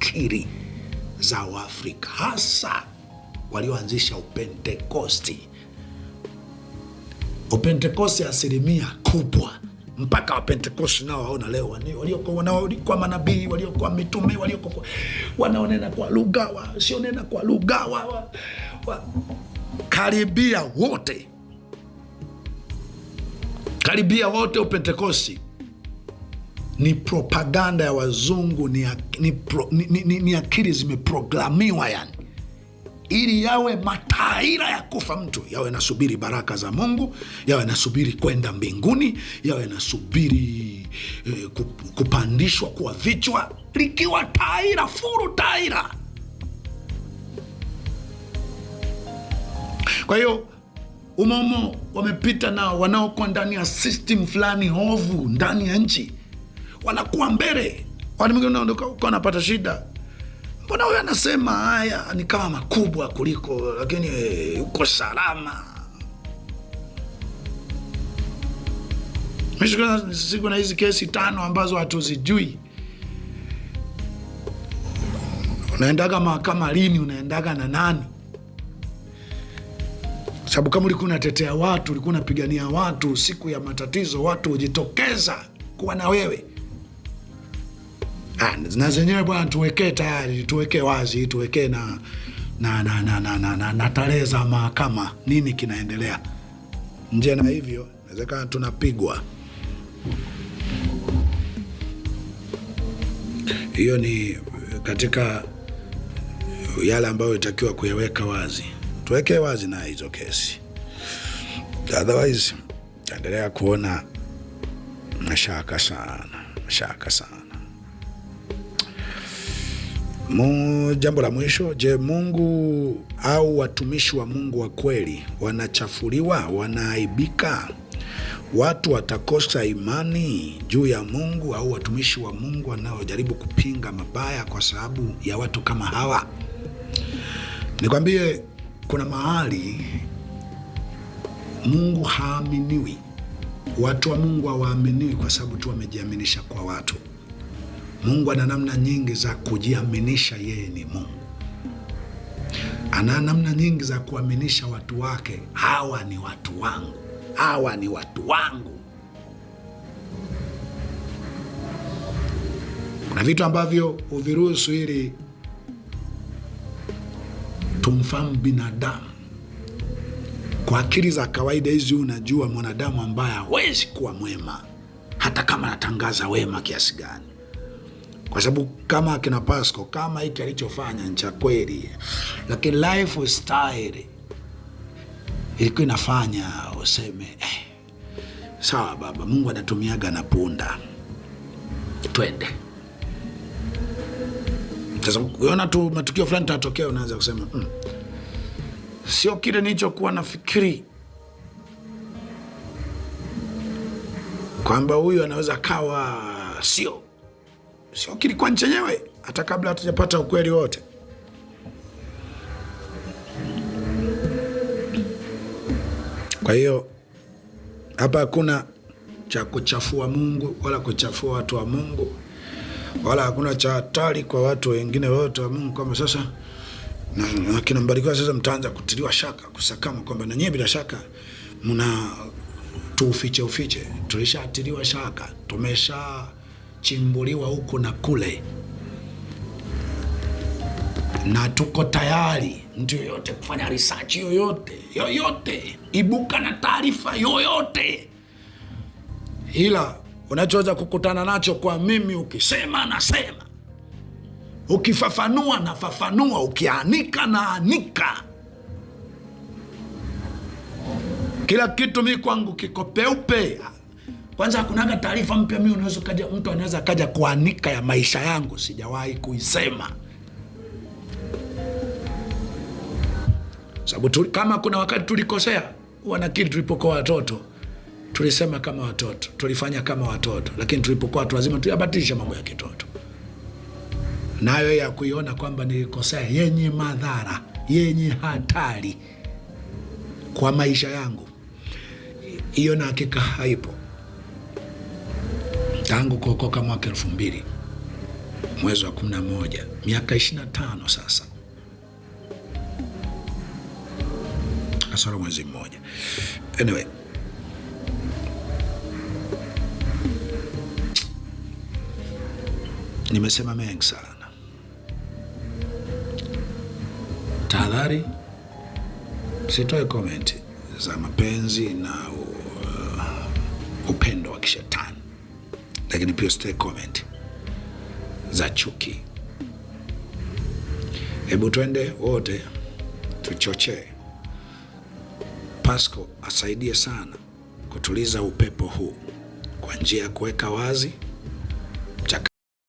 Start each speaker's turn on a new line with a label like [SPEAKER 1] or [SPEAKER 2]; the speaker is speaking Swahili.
[SPEAKER 1] akili za Waafrika hasa walioanzisha upentekosti. Upentekosti asilimia kubwa mpaka wapentekosti nao waona leo waliokuwa manabii waliokuwa mitume waliokuwa wanaonena kwa lugha wasionena kwa lugha wa, wa, karibia wote karibia wote upentekosti ni propaganda ya wazungu, ni, ni, ni, ni, ni akili zimeprogramiwa yani ili yawe mataira ya kufa mtu, yawe nasubiri baraka za Mungu, yawe nasubiri kwenda mbinguni, yawe nasubiri eh, kupandishwa kuwa vichwa, likiwa taira furu taira. Kwa hiyo umomo wamepita na wanaokuwa ndani ya system fulani ovu ndani ya nchi wanakuwa mbele, wanapata shida. Mbona huyo anasema haya ni kama makubwa kuliko, lakini eh, uko salama. Siku na hizi kesi tano ambazo hatuzijui unaendaga mahakama lini? Unaendaga na nani? Sababu kama ulikuwa unatetea watu, ulikuwa unapigania watu, siku ya matatizo watu hujitokeza kuwa na wewe na zenyewe bwana, tuwekee tayari, tuwekee wazi, tuwekee na na na na na na, na, na tarehe za mahakama, nini kinaendelea nje, na hivyo inawezekana tunapigwa. Hiyo ni katika yale ambayo itakiwa kuyaweka wazi, tuwekee wazi na hizo kesi, otherwise taendelea kuona mashaka sana, mashaka sana. Mu, jambo la mwisho, je, Mungu au watumishi wa Mungu wa kweli wanachafuliwa, wanaaibika? Watu watakosa imani juu ya Mungu au watumishi wa Mungu wanaojaribu kupinga mabaya kwa sababu ya watu kama hawa? Nikwambie, kuna mahali Mungu haaminiwi, watu wa Mungu hawaaminiwi kwa sababu tu wamejiaminisha kwa watu. Mungu ana namna nyingi za kujiaminisha yeye ni Mungu. Ana namna nyingi za kuaminisha watu wake, hawa ni watu wangu, hawa ni watu wangu. Kuna vitu ambavyo uviruhusu ili tumfahamu binadamu kwa akili za kawaida hizi. Unajua mwanadamu ambaye hawezi kuwa mwema hata kama anatangaza wema kiasi gani kwa sababu kama akina Pasco kama hiki alichofanya ni cha kweli, lakini lifestyle ilikuwa inafanya useme eh, sawa baba, Mungu anatumiaga na punda, twende. Sasa ukiona tu matukio fulani tatokea, unaanza kusema mm, sio kile nilichokuwa nafikiri kwamba huyu anaweza kawa sio sio kilikuwa ni chenyewe, hata kabla hatujapata ukweli wote. Kwa hiyo hapa hakuna cha kuchafua Mungu wala kuchafua watu wa Mungu wala hakuna cha hatari kwa watu wengine wote wa Mungu, kama sasa na, Mbarikiwa sasa mtaanza kutiliwa shaka kusakama kwamba na nyie bila shaka mna tuufiche ufiche. Tulishatiliwa shaka, tumesha chimbuliwa huku na kule, na tuko tayari mtu yoyote kufanya research yoyote yoyote, ibuka na taarifa yoyote, ila unachoweza kukutana nacho kwa mimi, ukisema nasema, ukifafanua nafafanua, ukianika naanika kila kitu mi kwangu kiko peupe. Kwanza hakunaga taarifa mpya, mimi unaweza kaja, mtu anaweza kaja kuanika ya maisha yangu sijawahi kuisema, sababu kama kuna wakati tulikosea, wanakili, tulipokuwa watoto tulisema kama watoto, tulifanya kama watoto, lakini tulipokuwa watu wazima tuyabatisha mambo ya kitoto, nayo ya kuiona kwamba nilikosea, yenye madhara, yenye hatari kwa maisha yangu, hiyo na hakika haipo tangu kuokoka mwaka elfu mbili mwezi wa kumi na moja miaka ishirini na tano sasa, kasoro mwezi mmoja. Anyway, nimesema mengi sana. Tahadhari, sitoe komenti za mapenzi na uh, upendo wa kishetani lakini pia usitoe comment za chuki. Hebu twende wote tuchochee Pasco asaidie sana kutuliza upepo huu kwa njia ya kuweka wazi